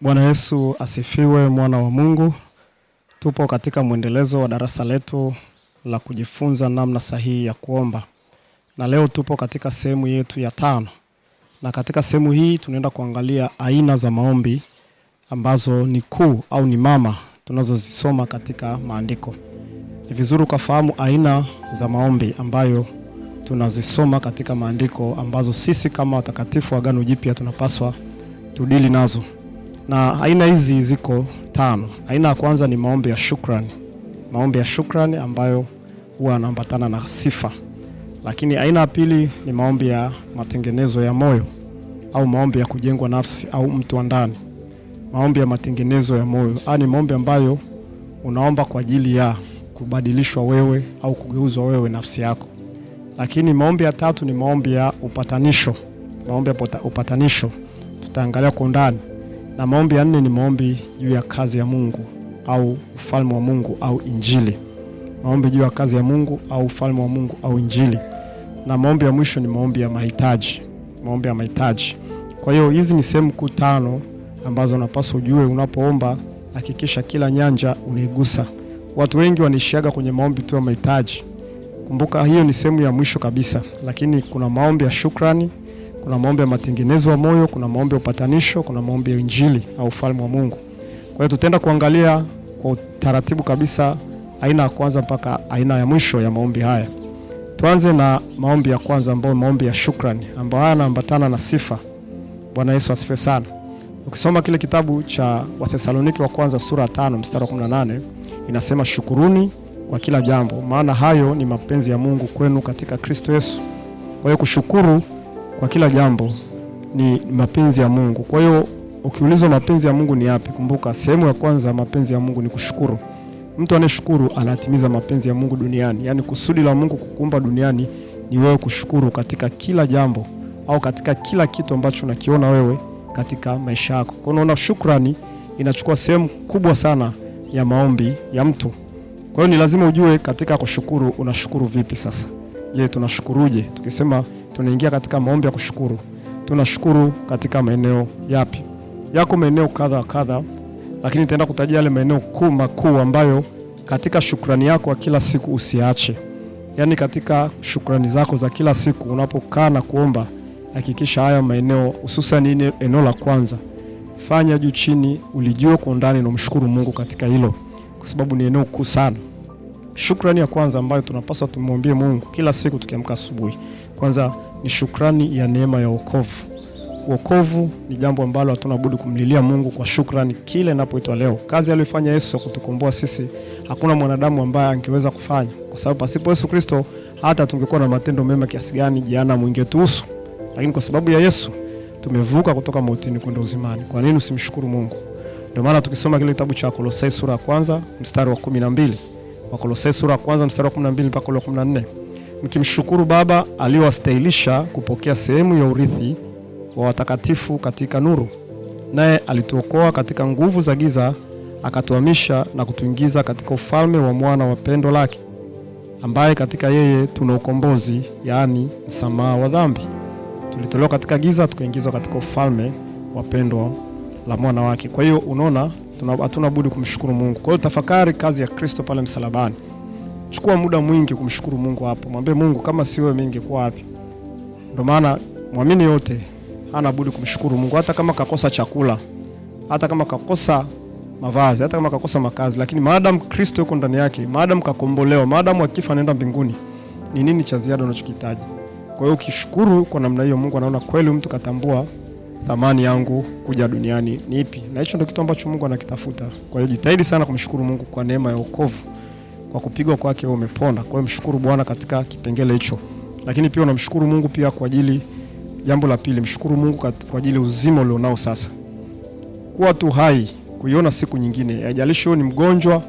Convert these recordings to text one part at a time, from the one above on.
Bwana Yesu asifiwe, mwana wa Mungu. Tupo katika mwendelezo wa darasa letu la kujifunza namna sahihi ya kuomba, na leo tupo katika sehemu yetu ya tano, na katika sehemu hii tunaenda kuangalia aina za maombi ambazo ni kuu au ni mama tunazozisoma katika maandiko. Ni vizuri ukafahamu aina za maombi ambayo tunazisoma katika maandiko ambazo sisi kama watakatifu wa Agano Jipya tunapaswa tudili nazo na aina hizi ziko tano. Aina ya kwanza ni maombi ya shukrani, maombi ya shukrani ambayo huwa yanaambatana na sifa. Lakini aina ya pili ni maombi ya matengenezo ya moyo au maombi ya kujengwa nafsi au mtu wa ndani, maombi ya matengenezo ya moyo. ani ni maombi ambayo unaomba kwa ajili ya kubadilishwa wewe au kugeuzwa wewe nafsi yako. Lakini maombi ya tatu ni maombi ya upatanisho, maombi ya upatanisho tutaangalia kwa undani na maombi ya nne ni maombi juu ya kazi ya Mungu au ufalme wa Mungu au Injili. Maombi juu ya kazi ya Mungu au ufalme wa Mungu au Injili. Na maombi ya mwisho ni maombi ya mahitaji, maombi ya mahitaji. Kwa hiyo hizi ni sehemu kuu tano ambazo unapaswa ujue. Unapoomba hakikisha kila nyanja unaigusa. Watu wengi wanaishiaga kwenye maombi tu ya mahitaji. Kumbuka hiyo ni sehemu ya mwisho kabisa, lakini kuna maombi ya shukrani kuna maombi ya matengenezo ya moyo, kuna maombi ya upatanisho, kuna maombi ya injili au ufalme wa Mungu. Kwa hiyo tutaenda kuangalia kwa utaratibu kabisa aina ya kwanza mpaka aina ya mwisho ya maombi haya. Tuanze na maombi ya kwanza ambayo maombi ya shukrani ambayo haya yanaambatana na sifa. Bwana Yesu asifiwe sana. Ukisoma kile kitabu cha Wathesaloniki wa kwanza sura ya 5 mstari wa 18 inasema, shukuruni kwa kila jambo, maana hayo ni mapenzi ya Mungu kwenu katika Kristo Yesu. Kwa hiyo kushukuru kwa kila jambo ni mapenzi ya Mungu. Kwa hiyo ukiulizwa mapenzi ya Mungu ni yapi, kumbuka sehemu ya kwanza, mapenzi ya Mungu ni kushukuru. Mtu anayeshukuru anatimiza mapenzi ya Mungu duniani. Yaani kusudi la Mungu kukuumba duniani ni wewe kushukuru katika kila jambo au katika kila kitu ambacho unakiona wewe katika maisha yako. Kwa unaona, shukrani inachukua sehemu kubwa sana ya maombi ya mtu. Kwa hiyo ni lazima ujue katika kushukuru unashukuru vipi. Sasa je, tunashukuruje? Tukisema tunaingia katika maombi ya kushukuru. Tunashukuru katika maeneo yapi? Yako maeneo kadha kadha, lakini nitaenda kutajia yale maeneo kuu makuu ambayo katika shukrani yako ya kila siku usiache. Yaani katika shukrani zako za kila siku unapokaa na kuomba, hakikisha haya maeneo, hususan ni eneo la kwanza, fanya juu chini, ulijue kwa ndani na umshukuru Mungu katika hilo, kwa sababu ni eneo kuu sana. Shukrani ya kwanza ambayo tunapaswa tumwambie Mungu kila siku tukiamka asubuhi, kwanza ni shukrani ya neema ya wokovu. Wokovu ni jambo ambalo hatuna budi kumlilia Mungu kwa shukrani kile inapoitwa leo. Kazi aliyofanya Yesu ya kutukomboa sisi, hakuna mwanadamu ambaye angeweza kufanya, kwa sababu pasipo Yesu Kristo, hata tungekuwa na matendo mema kiasi gani jehanamu ingetuhusu, lakini kwa sababu ya Yesu tumevuka kutoka mautini kwenda uzimani. Kwa nini usimshukuru Mungu? Ndio maana tukisoma kile kitabu cha Kolosai sura ya kwanza mstari wa 12, wa Kolosai sura ya kwanza mstari wa 12 mpaka 14 mkimshukuru Baba aliyowastahilisha kupokea sehemu ya urithi wa watakatifu katika nuru. Naye alituokoa katika nguvu za giza, akatuhamisha na kutuingiza katika ufalme wa mwana wa pendo lake, ambaye katika yeye tuna ukombozi, yaani msamaha wa dhambi. Tulitolewa katika giza tukaingizwa katika ufalme wa pendo la mwana wake. Kwa hiyo unaona, hatuna budi kumshukuru Mungu. Kwa hiyo tafakari kazi ya Kristo pale msalabani. Chukua muda mwingi kumshukuru Mungu hapo, mwambie Mungu, kama si wewe ningekuwa wapi? Ndio maana mwamini yote hana budi kumshukuru Mungu, hata kama kakosa chakula, hata kama kakosa mavazi, hata kama kakosa makazi, lakini maadam Kristo yuko ndani yake, maadam kakombolewa, maadam akifa anaenda mbinguni, ni nini cha ziada unachokihitaji? Kwa hiyo ukishukuru kwa namna hiyo, Mungu anaona kweli mtu katambua thamani yangu kuja duniani ni ipi, na hicho ndio kitu ambacho Mungu anakitafuta. Kwa hiyo jitahidi sana kumshukuru Mungu kwa neema ya wokovu kwa kupigwa kwake wewe umepona. Kwa hiyo mshukuru Bwana katika kipengele hicho, lakini pia unamshukuru Mungu pia kwa ajili, jambo la pili, mshukuru Mungu kwa ajili uzima ulionao sasa, kuwa tu hai, kuiona siku nyingine. Haijalishi wewe ni mgonjwa,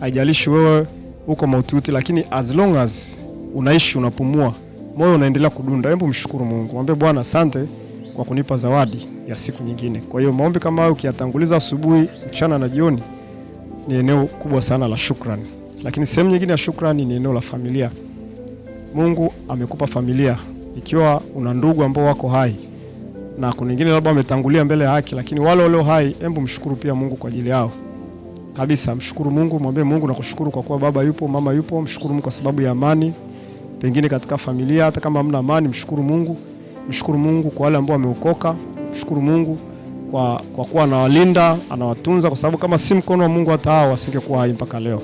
haijalishi wewe uko maututi, lakini as long as unaishi, unapumua, moyo unaendelea kudunda, hebu mshukuru Mungu, mwambie Bwana asante kwa kunipa zawadi ya siku nyingine. Kwa hiyo maombi kama hayo ukiyatanguliza asubuhi, mchana na jioni, ni eneo kubwa sana la shukrani. Lakini sehemu nyingine ya shukrani ni eneo la familia. Mungu amekupa familia, ikiwa una ndugu ambao wako hai na kuna wengine labda wametangulia mbele ya haki, lakini wale walio hai, hebu mshukuru pia Mungu kwa ajili yao kabisa. Mshukuru Mungu, mwambie Mungu nakushukuru kwa kuwa baba yupo, mama yupo. Mshukuru Mungu kwa sababu ya amani, pengine katika familia. Hata kama hamna amani, mshukuru Mungu. Mshukuru Mungu kwa wale ambao wameokoka. Mshukuru Mungu kwa, kwa kuwa anawalinda anawatunza, kwa sababu kama si mkono wa Mungu hata hao wasingekuwa hai mpaka leo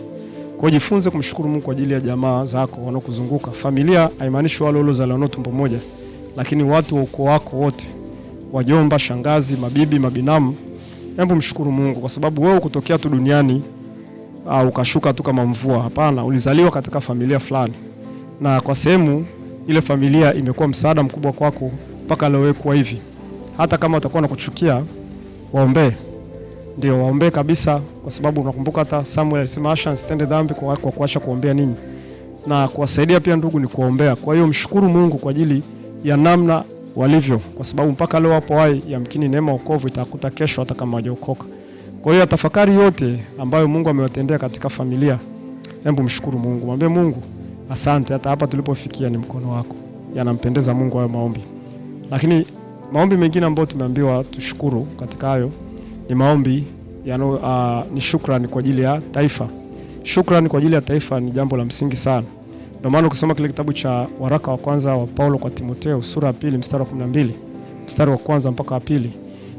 wajifunze kumshukuru Mungu kwa ajili ya jamaa zako wanaokuzunguka. Familia haimaanishi wale uliozaliwa tumbo moja, lakini watu wa ukoo wako wote, wajomba, shangazi, mabibi, mabinamu. Hebu mshukuru Mungu kwa sababu wewe ukutokea tu duniani au ah, ukashuka tu kama mvua. Hapana, ulizaliwa katika familia fulani, na kwa sehemu ile familia imekuwa msaada mkubwa kwako mpaka leo kuwa hivi. Hata kama watakuwa kuchukia waombee ndio waombee kabisa, kwa sababu unakumbuka hata Samuel alisema acha nisitende dhambi kwa kwa kuacha kuombea ninyi na kuwasaidia pia ndugu ni kuombea. Kwa hiyo mshukuru Mungu kwa ajili ya namna walivyo, kwa sababu mpaka leo wapo hai, yamkini neema wokovu itakuta kesho, hata kama hajaokoka. Kwa hiyo tafakari yote ambayo Mungu amewatendea katika familia, hebu mshukuru Mungu, mwambie Mungu asante, hata hapa tulipofikia ni mkono wako. Yanampendeza Mungu hayo maombi, lakini maombi mengine ambayo tumeambiwa tushukuru katika hayo ni maombi yano, uh, ni shukrani kwa ajili ya taifa. Shukrani kwa ajili ya taifa ni jambo la msingi sana. Ndio maana ukisoma kile kitabu cha waraka wa kwanza wa Paulo kwa Timoteo sura ya pili mstari wa 12 mstari wa kwanza mpaka wa pili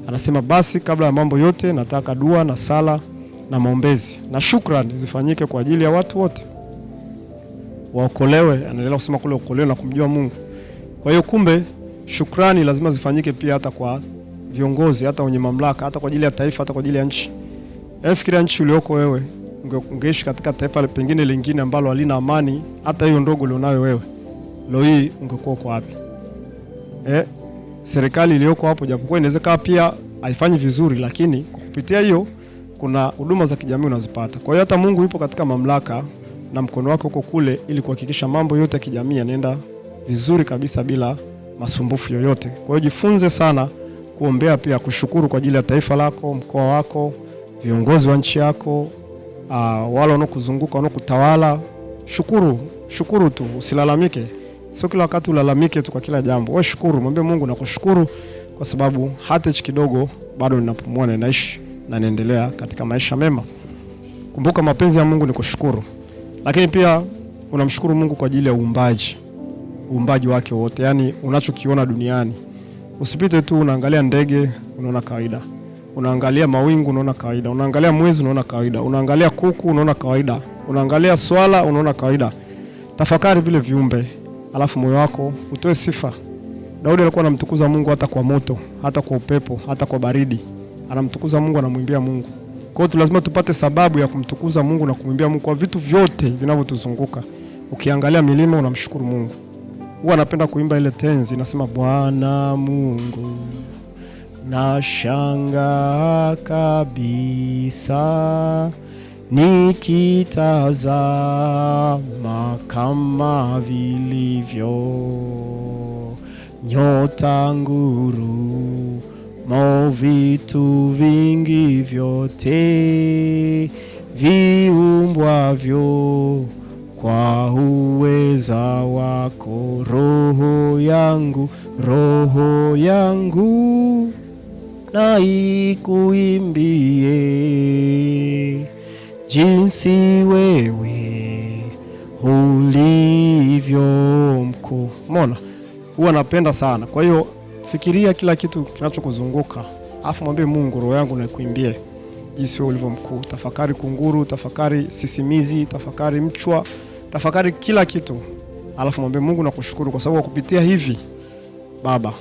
anasema, basi kabla ya mambo yote nataka dua na sala na maombezi na shukrani zifanyike kwa ajili ya watu wote waokolewe. Anaendelea kusema kule okolewe na kumjua Mungu. Kwa hiyo kumbe, shukrani lazima zifanyike pia hata kwa viongozi, hata wenye mamlaka, hata kwa ajili ya taifa, hata kwa ajili ya nchi. Yaani fikiria nchi ulioko wewe, ungeishi katika taifa pengine lingine ambalo halina amani, hata hiyo ndogo ulionayo wewe, leo hii ungekuwa uko wapi? Eh, serikali iliyoko hapo, japokuwa inawezekana pia haifanyi vizuri, lakini kwa kupitia hiyo kuna huduma za kijamii unazipata. Kwa hiyo hata Mungu yupo katika mamlaka na mkono wake uko kule, ili kuhakikisha mambo yote ya kijamii yanaenda vizuri kabisa bila masumbufu yoyote. Kwa hiyo jifunze sana kuombea pia kushukuru kwa ajili ya taifa lako, mkoa wako, viongozi wa nchi yako, uh, wale wanaokuzunguka wanaokutawala. Shukuru, shukuru tu, usilalamike. Sio kila wakati ulalamike tu kwa kila jambo. Wewe shukuru, mwambie Mungu nakushukuru kwa sababu hata hichi kidogo bado ninapumua na naishi na naendelea katika maisha mema. Kumbuka mapenzi ya Mungu ni kushukuru, lakini pia unamshukuru Mungu kwa ajili ya uumbaji, uumbaji wake wote, yani unachokiona duniani Usipite tu unaangalia ndege unaona kawaida, unaangalia mawingu unaona kawaida, unaangalia mwezi unaona kawaida, unaangalia kuku unaona kawaida, unaangalia swala unaona kawaida. Tafakari vile viumbe, alafu moyo wako utoe sifa. Daudi alikuwa anamtukuza Mungu hata kwa moto, hata kwa upepo, hata kwa baridi, anamtukuza Mungu, anamwimbia Mungu. Kwa hiyo lazima tupate sababu ya kumtukuza Mungu na kumwimbia Mungu kwa vitu vyote vinavyotuzunguka. Ukiangalia milima unamshukuru Mungu huwa anapenda kuimba ile tenzi nasema, Bwana Mungu nashangaa kabisa nikitazama kama vilivyo nyota, ngurumo, vitu vingi vyote viumbwavyo kwa uweza wako, roho yangu, roho yangu na ikuimbie jinsi wewe ulivyo mkuu. Mona huwa napenda sana. Kwa hiyo fikiria kila kitu kinachokuzunguka, afu mwambie Mungu, roho yangu naikuimbie jinsi wewe ulivyo mkuu. Tafakari kunguru, tafakari sisimizi, tafakari mchwa tafakari kila kitu, alafu mwambie Mungu, nakushukuru kwa sababu kupitia hivi Baba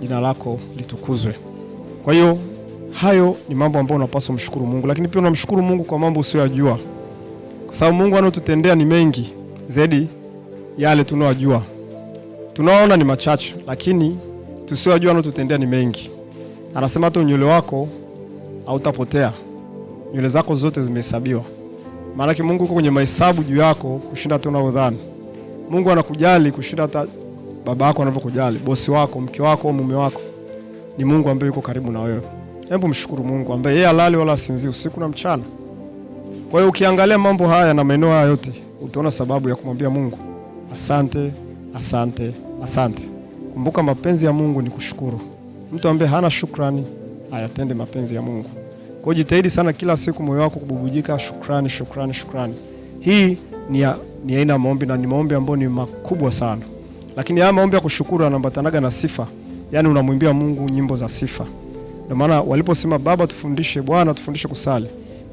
jina lako litukuzwe. Kwa hiyo hayo ni mambo ambayo unapaswa mshukuru Mungu, lakini pia unamshukuru Mungu kwa mambo usiyojua, kwa sababu Mungu anatutendea ni mengi zaidi yale tunaojua. Tunaona ni machache, lakini tusiyojua anatutendea ni mengi. Anasema hata unywele wako hautapotea, nywele zako zote zimehesabiwa. Maanake Mungu uko kwenye mahesabu juu yako kushinda hata unavyodhani. Mungu anakujali kushinda hata baba yako anavyokujali, bosi wako, mke wako, mume wako. Ni Mungu ambaye yuko karibu na wewe. Hebu mshukuru Mungu ambaye yeye halali wala asinzi usiku na mchana. Kwa hiyo ukiangalia mambo haya na maeneo haya yote, utaona sababu ya kumwambia Mungu asante, asante, asante. Kumbuka mapenzi ya Mungu ni kushukuru. Mtu ambaye hana shukrani hayatende mapenzi ya Mungu. Kwa jitahidi sana kila siku moyo wako kububujika shukrani, shukrani, shukrani. Hii ni ya, ni aina ya maombi na ni maombi ambayo ni makubwa sana. Lakini haya maombi ya kushukuru yanambatanaga na sifa. Yaani unamwimbia Mungu nyimbo za sifa. Ndio maana waliposema Baba tufundishe, Bwana tufundishe kusali.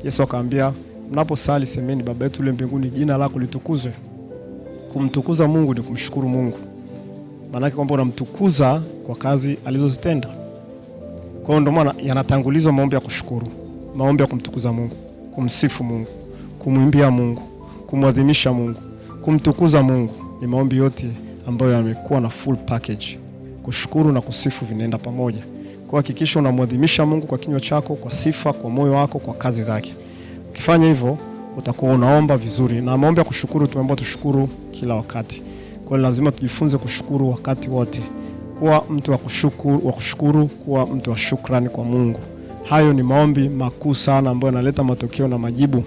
Yesu akaambia mnaposali semeni Baba yetu uliye mbinguni, jina lako litukuzwe. Kumtukuza Mungu ni kumshukuru Mungu. Maana yake kwamba unamtukuza kwa kazi alizozitenda. Kwa hiyo ndio maana yanatangulizwa maombi ya kushukuru maombi ya kumtukuza Mungu, kumsifu Mungu, kumwimbia Mungu, kumwadhimisha Mungu, kumtukuza Mungu ni maombi yote ambayo yamekuwa na full package. Kushukuru na kusifu vinaenda pamoja. Kwa hakikisha unamwadhimisha Mungu kwa kinywa chako, kwa sifa, kwa moyo wako, kwa kazi zake. Ukifanya hivyo utakuwa unaomba vizuri, na maombi ya kushukuru tumeomba tushukuru kila wakati. Kwa lazima tujifunze kushukuru wakati wote, kuwa mtu wa kushukuru, wa kushukuru, kuwa mtu wa shukrani kwa Mungu. Hayo ni maombi makuu sana ambayo yanaleta matokeo na majibu.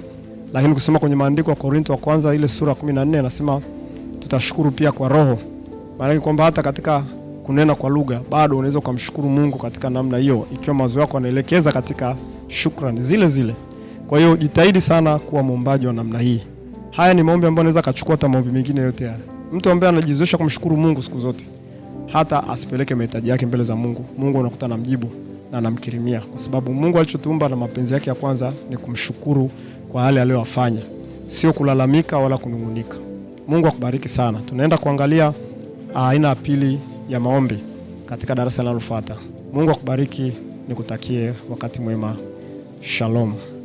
Lakini kusema kwenye maandiko ya Korinto wa kwanza ile sura 14 anasema tutashukuru pia kwa roho. Maana kwamba hata katika kunena kwa lugha bado unaweza kumshukuru Mungu katika namna hiyo ikiwa mawazo yako yanaelekeza katika shukrani zile zile. Kwa hiyo jitahidi sana kuwa muombaji wa namna hii. Haya ni maombi ambayo anaweza kachukua hata maombi mengine yote yale. Mtu ambaye anajizoesha kumshukuru Mungu siku zote hata asipeleke mahitaji yake mbele za Mungu, Mungu na mjibu na anamkirimia, kwa sababu Mungu alichotuumba na mapenzi yake ya kwanza ni kumshukuru kwa yale aliyowafanya, sio kulalamika wala kunungunika. Mungu akubariki sana. Tunaenda kuangalia ah, aina ya pili ya maombi katika darasa linalofuata. Mungu akubariki, nikutakie wakati mwema. Shalom.